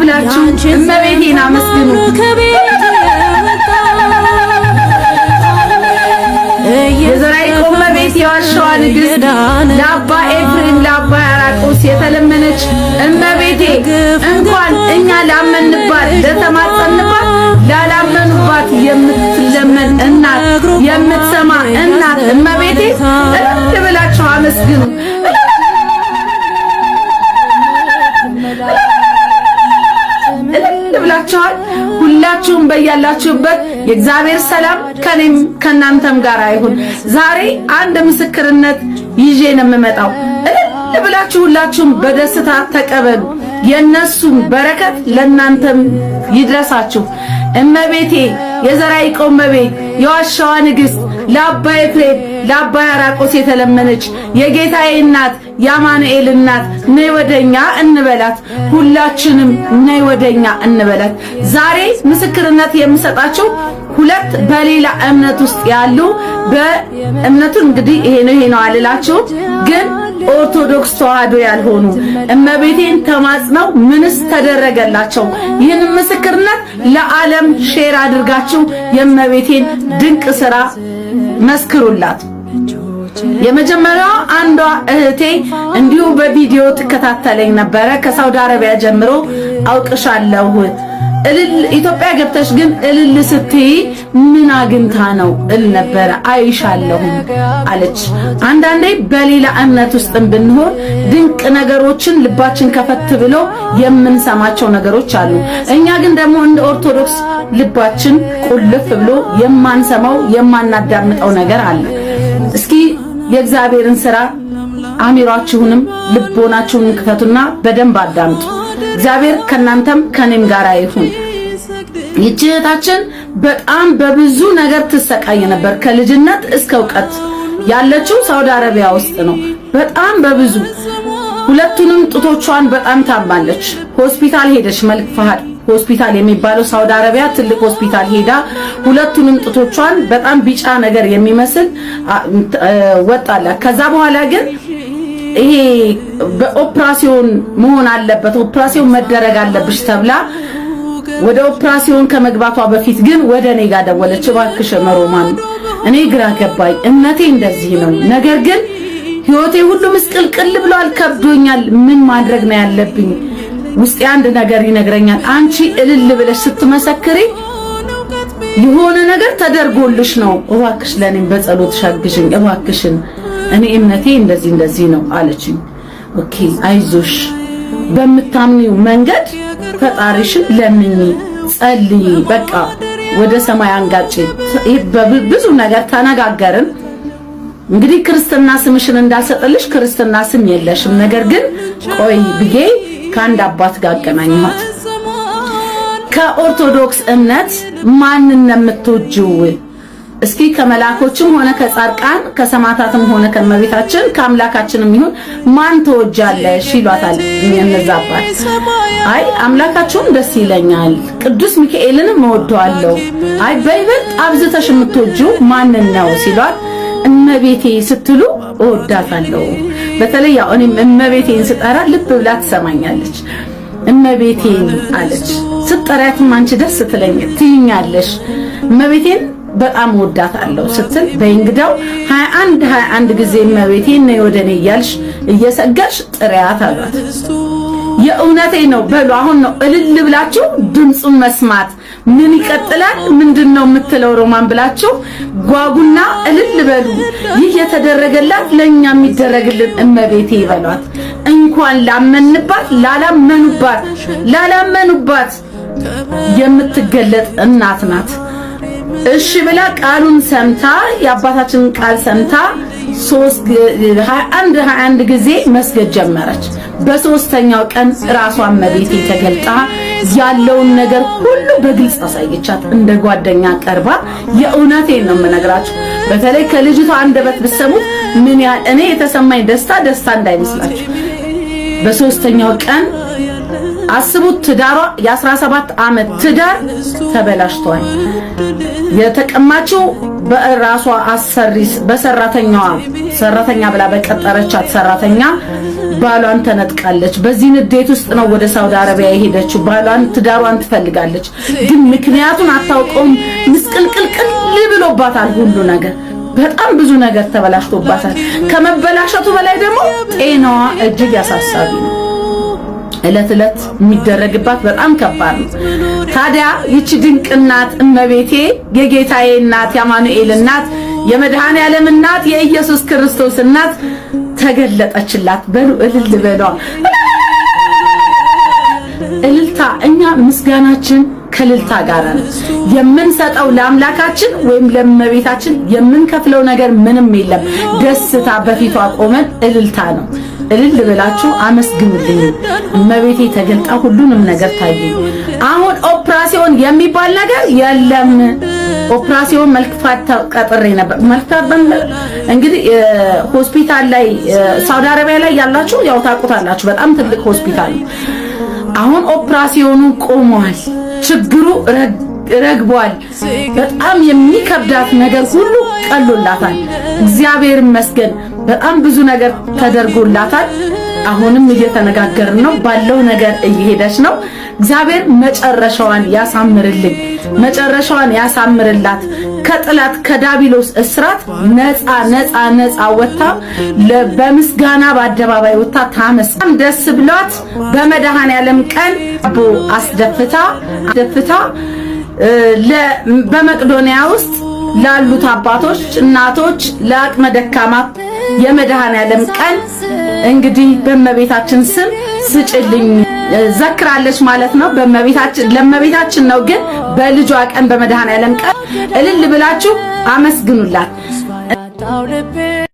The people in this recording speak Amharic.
ብላችሁ እመቤቴን አመስግኑ። የዘራይቆ እመቤት የዋሻዋ ንግሥት ለአባ ኤፍሬም ለአባ ያራቆስ የተለመነች እመቤቴ እንኳን እኛ ላመንባት ለተማጸንባት ላላመኑባት የምትለመን እናት የምትሰማ እናት እመቤቴ እልል ብላችሁ አመስግኑ። ሰምታችኋል። ሁላችሁም በያላችሁበት የእግዚአብሔር ሰላም ከኔም ከናንተም ጋር አይሁን። ዛሬ አንድ ምስክርነት ይዤ ነው የምመጣው። እልል ብላችሁ ሁላችሁም በደስታ ተቀበሉ። የእነሱም በረከት ለናንተም ይድረሳችሁ። እመቤቴ የዘራይቆ እመቤት የዋሻዋ ንግሥት ለአባይ ኤፍሬም ለአባይ አራቆስ የተለመነች የጌታዬ እናት የአማኑኤል እናት ነይ ወደኛ እንበላት። ሁላችንም ነይ ወደኛ እንበላት። ዛሬ ምስክርነት የምሰጣችሁ ሁለት በሌላ እምነት ውስጥ ያሉ በእምነቱ እንግዲህ ይሄ ነው ይሄ ነው አልላችሁ ግን ኦርቶዶክስ ተዋህዶ ያልሆኑ እመቤቴን ተማጽነው ምንስ ተደረገላቸው? ይህን ምስክርነት ለዓለም ሼር አድርጋችሁ የእመቤቴን ድንቅ ስራ መስክሩላት። የመጀመሪያ አንዷ እህቴ እንዲሁ በቪዲዮ ትከታተለኝ ነበረ። ከሳውዲ አረቢያ ጀምሮ አውቅሻለሁ። እልል ኢትዮጵያ ገብተሽ ግን እልል ስትይ ምን አግኝታ ነው እል ነበረ አይሻለሁም አለች። አንዳንዴ በሌላ እምነት ውስጥም ብንሆን ድንቅ ነገሮችን ልባችን ከፈት ብሎ የምንሰማቸው ነገሮች አሉ። እኛ ግን ደግሞ እንደ ኦርቶዶክስ ልባችን ቁልፍ ብሎ የማንሰማው የማናዳምጠው ነገር አለ። እስኪ የእግዚአብሔርን ስራ አሚሯችሁንም ልቦናችሁን ክፈቱና በደንብ አዳምጡ። እግዚአብሔር ከናንተም ከኔም ጋር ይሁን። ይህች እህታችን በጣም በብዙ ነገር ትሰቃይ ነበር። ከልጅነት እስከ እውቀት ያለችው ሳውዲ አረቢያ ውስጥ ነው። በጣም በብዙ ሁለቱንም ጡቶቿን በጣም ታማለች። ሆስፒታል ሄደች መልክ ፈሃድ ሆስፒታል የሚባለው ሳውዲ አረቢያ ትልቅ ሆስፒታል ሄዳ ሁለቱንም ጡቶቿን በጣም ቢጫ ነገር የሚመስል ወጣላት። ከዛ በኋላ ግን ይሄ በኦፕራሲዮን መሆን አለበት ኦፕራሲዮን መደረግ አለብሽ ተብላ ወደ ኦፕራሲዮን ከመግባቷ በፊት ግን ወደ እኔ ጋር ደወለች። እባክሽ መሮማን እኔ ግራ ገባኝ፣ እምነቴ እንደዚህ ነው፣ ነገር ግን ህይወቴ ሁሉ ምስቅልቅል ብሏል፣ ከብዶኛል፣ ምን ማድረግ ነው ያለብኝ ውስጤ አንድ ነገር ይነግረኛል። አንቺ እልል ብለሽ ስትመሰክሪ የሆነ ነገር ተደርጎልሽ ነው። እባክሽ ለኔም በጸሎት ሻግሽኝ እባክሽን፣ እኔ እምነቴ እንደዚህ እንደዚህ ነው አለችኝ። ኦኬ አይዞሽ፣ በምታምኒው መንገድ ፈጣሪሽን ለምኝ፣ ጸልይ፣ በቃ ወደ ሰማይ አንጋጭ። ብዙ ነገር ተነጋገርን። እንግዲህ ክርስትና ስምሽን እንዳልሰጥልሽ ክርስትና ስም የለሽም፣ ነገር ግን ቆይ ብዬ ከአንድ አባት ጋር አገናኘኋት። ከኦርቶዶክስ እምነት ማንን ነው የምትወጂው? እስኪ ከመላኮችም ሆነ ከጻድቃን ከሰማዕታትም ሆነ ከመቤታችን ከአምላካችንም ይሁን ማን ተወጃለሽ? ይሏታል እነዛ አባት። አይ አምላካችሁም ደስ ይለኛል፣ ቅዱስ ሚካኤልንም እወደዋለሁ። አይ በይበልጥ አብዝተሽ የምትወጂው ማንን ነው ሲሏት እመቤቴ ስትሉ እወዳታለሁ። በተለይ ያው እኔም እመቤቴን ስጠራ ልብ ብላ ትሰማኛለች። እመቤቴን አለች ስጠሪያትም አንቺ ደስ ትለኝ ትይኛለሽ። እመቤቴን በጣም እወዳታለሁ ስትል በእንግዳው 21 21 ጊዜ እመቤቴን ነይ ወደኔ እኔ እያልሽ እየሰጋሽ ጥሪያት አሏት። የእውነቴ ነው በሉ። አሁን ነው እልል ብላችሁ ድምፁን መስማት ምን ይቀጥላል ምንድን ነው የምትለው ሮማን ብላችሁ ጓጉና እልል በሉ። ይህ የተደረገላት ለእኛ የሚደረግልን እመቤቴ ይበሏት። እንኳን ላመንባት ላላመኑባት ላላመኑባት የምትገለጥ እናት ናት። እሺ ብላ ቃሉን ሰምታ የአባታችንን ቃል ሰምታ አንድ አንድ ጊዜ መስገድ ጀመረች። በሶስተኛው ቀን ራሷን መቤቴ ተገልጣ ያለውን ነገር ሁሉ በግልጽ አሳየቻት። እንደ ጓደኛ ቀርባ የእውነቴን ነው የምነግራችሁ። በተለይ ከልጅቷ አንደበት ብትሰሙት ምን ያህል እኔ የተሰማኝ ደስታ ደስታ እንዳይመስላችሁ። በሶስተኛው ቀን አስቡት። ትዳሯ የ17 ዓመት ትዳር ተበላሽቷል። የተቀማችው በራሷ አሰሪ በሰራተኛዋ ሰራተኛ ብላ በቀጠረቻት ሰራተኛ ባሏን ተነጥቃለች። በዚህ ንዴት ውስጥ ነው ወደ ሳውዲ አረቢያ የሄደችው። ባሏን ትዳሯን ትፈልጋለች፣ ግን ምክንያቱን አታውቀውም። ምስቅልቅልቅል ብሎባታል ሁሉ ነገር። በጣም ብዙ ነገር ተበላሽቶባታል። ከመበላሸቱ በላይ ደግሞ ጤናዋ እጅግ ያሳሳቢ ነው። እለት እለት የሚደረግባት በጣም ከባድ ነው። ታዲያ ይቺ ድንቅ እናት እመቤቴ፣ የጌታዬ እናት፣ የአማኑኤል እናት፣ የመድኃኔ ዓለም እናት፣ የኢየሱስ ክርስቶስ እናት ተገለጠችላት። በሉ እልል በሏ እልልታ። እኛ ምስጋናችን ከልልታ ጋር ነው የምንሰጠው ለአምላካችን ወይም ለእመቤታችን። የምንከፍለው ነገር ምንም የለም። ደስታ በፊቷ ቆመን እልልታ ነው። እልል ብላችሁ አመስግኑልኝ። እመቤቴ ተገልጣ ሁሉንም ነገር ታየኝ። አሁን ኦፕራሲዮን የሚባል ነገር የለም። ኦፕራሲዮን መልክፋት ቀጥሬ ነበር። መልክፋት እንግዲህ ሆስፒታል ላይ ሳውዲ አረቢያ ላይ ያላችሁ ያው ታውቁታላችሁ፣ በጣም ትልቅ ሆስፒታል ነው። አሁን ኦፕራሲዮኑ ቆሟል። ችግሩ ረግቧል። በጣም የሚከብዳት ነገር ሁሉ ቀሎላታል። እግዚአብሔር ይመስገን በጣም ብዙ ነገር ተደርጎላታል። አሁንም እየተነጋገርን ነው። ባለው ነገር እየሄደች ነው። እግዚአብሔር መጨረሻዋን ያሳምርልኝ፣ መጨረሻዋን ያሳምርላት። ከጥላት ከዳቢሎስ እስራት ነፃ ነፃ ነፃ ወጥታ በምስጋና በአደባባይ ወጥታ ታመስ ደስ ብሏት በመድኃኔዓለም ቀን አስደፍታ ደፍታ በመቅዶንያ ውስጥ ላሉት አባቶች፣ እናቶች፣ ለአቅመ ደካማ የመድኃኔዓለም ቀን እንግዲህ በእመቤታችን ስም ስጭልኝ ዘክራለች ማለት ነው። በእመቤታችን ለእመቤታችን ነው ግን በልጇ ቀን በመድኃኔዓለም ቀን እልል ብላችሁ አመስግኑላት።